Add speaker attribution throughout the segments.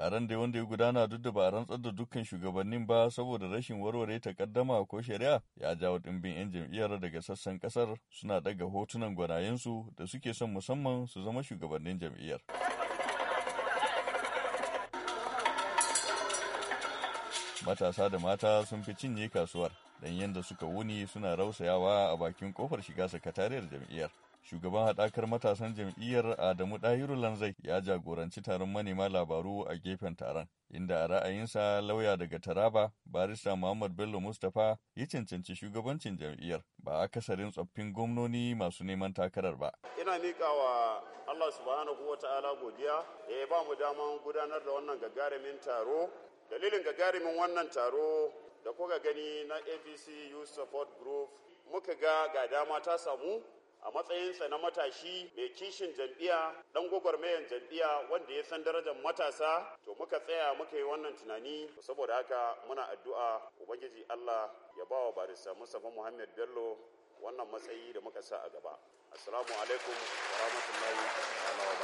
Speaker 1: Taron da wanda ya gudana duk da ba a rantsar da dukkan shugabannin ba saboda rashin warware takaddama ko shari'a ya jawo ɗimbin 'yan jam'iyyar daga sassan kasar suna ɗaga hotunan gwanayensu da suke son musamman su zama shugabannin jam'iyyar. Matasa da mata sun fi cinye kasuwar don yadda suka wuni suna rausayawa a bakin kofar shiga sakatariyar jam'iyyar. shugaban haɗakar matasan jam'iyyar Adamu Ɗahiru Lanzai ya jagoranci taron manema labaru a gefen taron, inda a ra'ayinsa lauya daga Taraba, barista Muhammad Bello Mustapha ya cancanci shugabancin jam'iyyar ba a akasarin tsoffin gwamnoni masu neman takarar ba.
Speaker 2: Ina miƙa wa Allah subhanahu wa ta'ala godiya da ya ba mu daman gudanar da wannan gagarumin taro. Dalilin gagarumin wannan taro da kuka gani na APC Youth Support Group muka ga ga dama ta samu a matsayinsa na matashi mai kishin jam'iya dan gwagwarmayan jam'iyya wanda ya san darajar matasa to muka tsaya muka yi wannan tunani saboda haka muna addu'a ubangiji Allah ya ba wa barista Mustapha Muhammad Bello wannan matsayi da muka sa a gaba assalamu alaikum wa rahmatullahi wa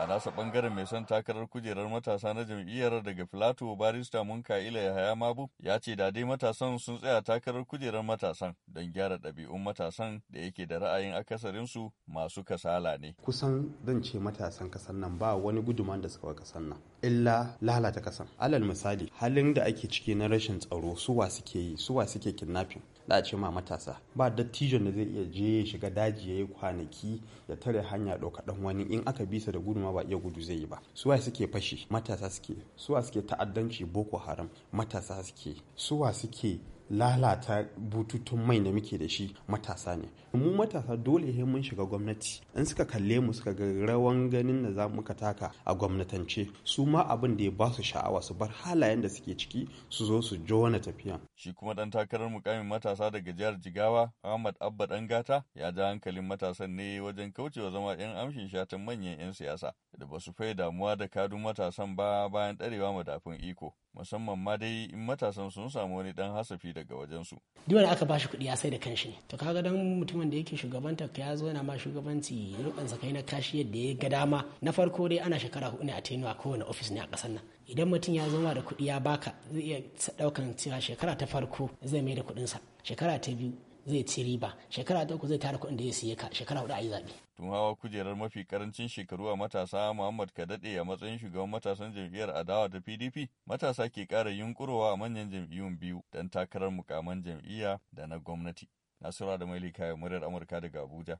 Speaker 1: a nasa bangaren mai son takarar kujerar matasa na jam'iyyar daga filato barista munkaila yahaya mabu ya ce da dai matasan sun tsaya takarar kujerar matasan don gyara ɗabi'un matasan da yake da ra'ayin akasarinsu masu kasala ne
Speaker 3: kusan zan ce matasan kasan nan ba wani guduman da suka kasan nan illa lalata kasan alal misali halin da ake ciki na rashin tsaro suwa suke yi suwa suke kidnapping da a ce ma matasa ba dattijon da zai iya je ya shiga daji ya yi kwanaki ya tare hanya ɗauka ɗan wani in aka bisa da gudu ma ba iya gudu zai yi ba suwa suke fashi matasa suke suwa suke ta'addanci boko haram matasa suke suwa suke lalata bututun mai da muke da shi matasa ne mu matasa dole sai mun shiga gwamnati in suka kalle mu suka ga rawan ganin da za mu taka a gwamnatance su ma abin da ya ba su sha'awa su bar halayen da suke ciki su zo su jo wani tafiya
Speaker 1: shi kuma dan takarar mukamin matasa daga jihar Jigawa Ahmad Abba gata ya ja hankalin matasan ne wajen kaucewa zama yan amshin shatan manyan yan siyasa da ba su fai damuwa da kadun matasan ba bayan darewa madafin iko musamman ma dai in matasan sun samu wani dan hasafi daga wajensu.
Speaker 4: Duk wanda aka bashi kuɗi ya sai da kanshi ne. To kaga dan mutumin da yake shugabanta ka ya zo yana ma shugabanci rukun kai na kashi yadda ya ga dama. Na farko dai ana shekara hudu ne a tenu a kowane ofis ne a ƙasar nan. Idan mutum ya zama da kuɗi ya baka zai iya ɗaukan cewa shekara ta farko zai mai da kuɗinsa. Shekara ta biyu zai ci riba shekara ta uku zai tara kuɗin da ya siya ka shekara hudu a yi zaɓe.
Speaker 1: tun hawa kujerar mafi karancin shekaru a matasa muhammad kadade a matsayin shugaban matasan jam'iyyar adawa ta pdp matasa ke ƙara yunkurowa a manyan jam'iyyun biyu don takarar mukaman jam'iyya da na gwamnati nasura da maili kayan muryar amurka daga abuja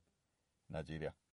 Speaker 1: najeriya.